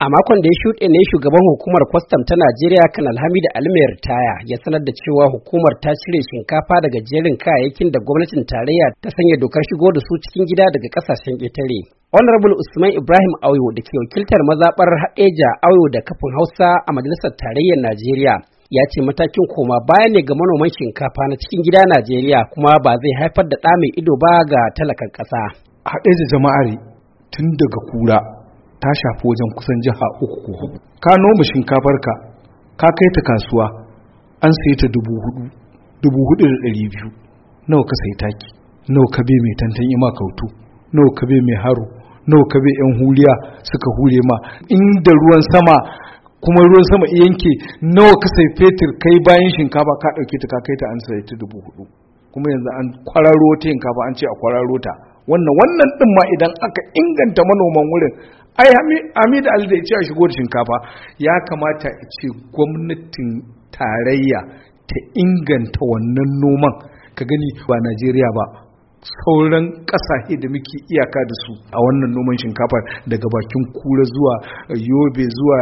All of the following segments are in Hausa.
A makon da ya shuɗe ne shugaban hukumar kwastam ta Najeriya kan Alhamidu Almayar Taya ya sanar da cewa hukumar ta cire shinkafa daga jerin kayayyakin da gwamnatin tarayya ta sanya dokar shigo da su cikin gida daga ƙasashen ƙetare. Honorable Usman Ibrahim Auyo da ke wakiltar mazaɓar Haɗeja Auyo da kafin Hausa a Majalisar Tarayyar Najeriya ya ce matakin koma baya ne ga manoman shinkafa na cikin gida Najeriya kuma ba zai haifar da ɗa ido ba ga talakan ƙasa. Haɗeja jama'ari tun daga kura ta shafi wajen kusan jiha uku ka noma shinkafar ka ka kai ta kasuwa an sayi ta dubu hudu dubu hudu da dari biyu nawa ka sayi taki nawa ka bai mai tantan ima kautu nawa ka bai mai haro nawa ka bai yan huliya suka hure ma inda ruwan sama kuma ruwan sama yanke nawa ka sai fetur kai bayan shinkafa ka ɗauke ta ka kai ta an sayi ta dubu hudu kuma yanzu an kwararo ta yin an ce a kwararo ta wannan wannan din ma idan aka inganta manoman wurin ai hamid ali da yace ce a shigo da shinkafa ya kamata a ce gwamnatin tarayya ta inganta wannan noman ka gani ba najeriya ba sauran kasashe da muke iyaka da su a wannan noman shinkafa daga bakin kura zuwa eh, yobe zuwa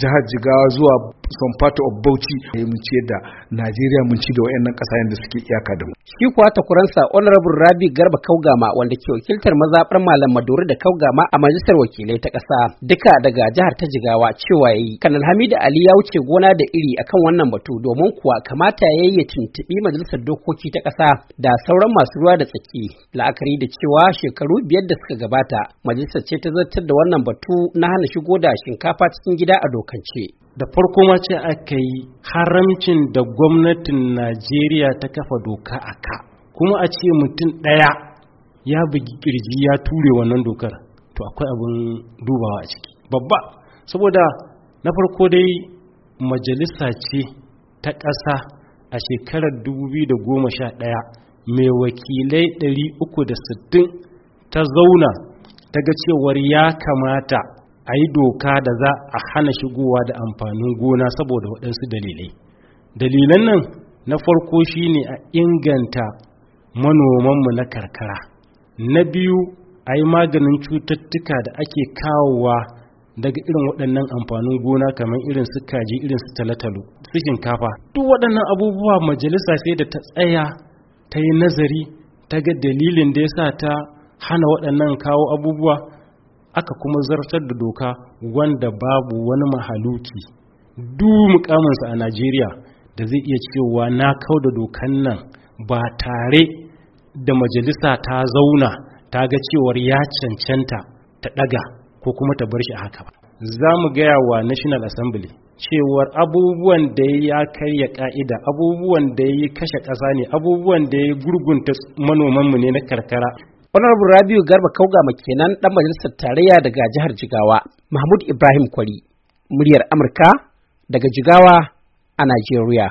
jihar jigawa zuwa some part of bauchi eh, mun ce da najeriya mun ci da wayannan kasashen da suke iyaka da mu shi kuwa takuransa honorable rabi garba kaugama wanda ke wakiltar mazaɓar malam maduri da kaugama a majalisar wakilai ta ƙasa duka daga jihar ta jigawa cewa yayi kanal hamidu ali ya wuce gona da iri akan wannan batu domin kuwa kamata ya yi ya tuntuɓi majalisar dokoki ta ƙasa da sauran masu ruwa da tsaki yaƙi la'akari da cewa shekaru biyar da suka gabata majalisar ce ta zartar da wannan batu na hana shigo da shinkafa cikin gida a dokance. Da farko ma ce aka yi haramcin da gwamnatin Najeriya ta kafa doka a ka, kuma a ce mutum ɗaya ya bugi kirji ya ture wannan dokar, to akwai abin dubawa a ciki. Babba, saboda na farko dai majalisa ce ta ƙasa a shekarar 2011 mai wakilai 360 ta zauna ta ga cewar ya kamata a yi doka da za a hana shigowa da amfanin gona saboda waɗansu dalilai dalilan nan na farko shine a inganta manomanmu na karkara na biyu a yi maganin cututtuka da ake kawowa daga irin waɗannan amfanin gona kamar irin su kaji irin su talatalo su shinkafa duk waɗannan abubuwa majalisa sai da ta tsaya ta yi nazari ta ga dalilin da ya sa ta hana waɗannan kawo abubuwa aka kuma zartar da doka wanda babu wani mahaluki duk mukaminsa a najeriya da zai iya cewa na kau da dokan nan ba tare da majalisa ta zauna ta ga cewar ya cancanta ta ɗaga ko kuma ta bar shi haka ba za mu gaya wa national assembly cewar abubuwan da ya karya ka'ida abubuwan da ya kashe ƙasa ne abubuwan da ya gurgunta manomanmu ne na karkara honorable rabiu garba kaugama kenan dan majalisar tarayya daga jihar jigawa mahmud ibrahim kwari muryar amurka daga jigawa a najeriya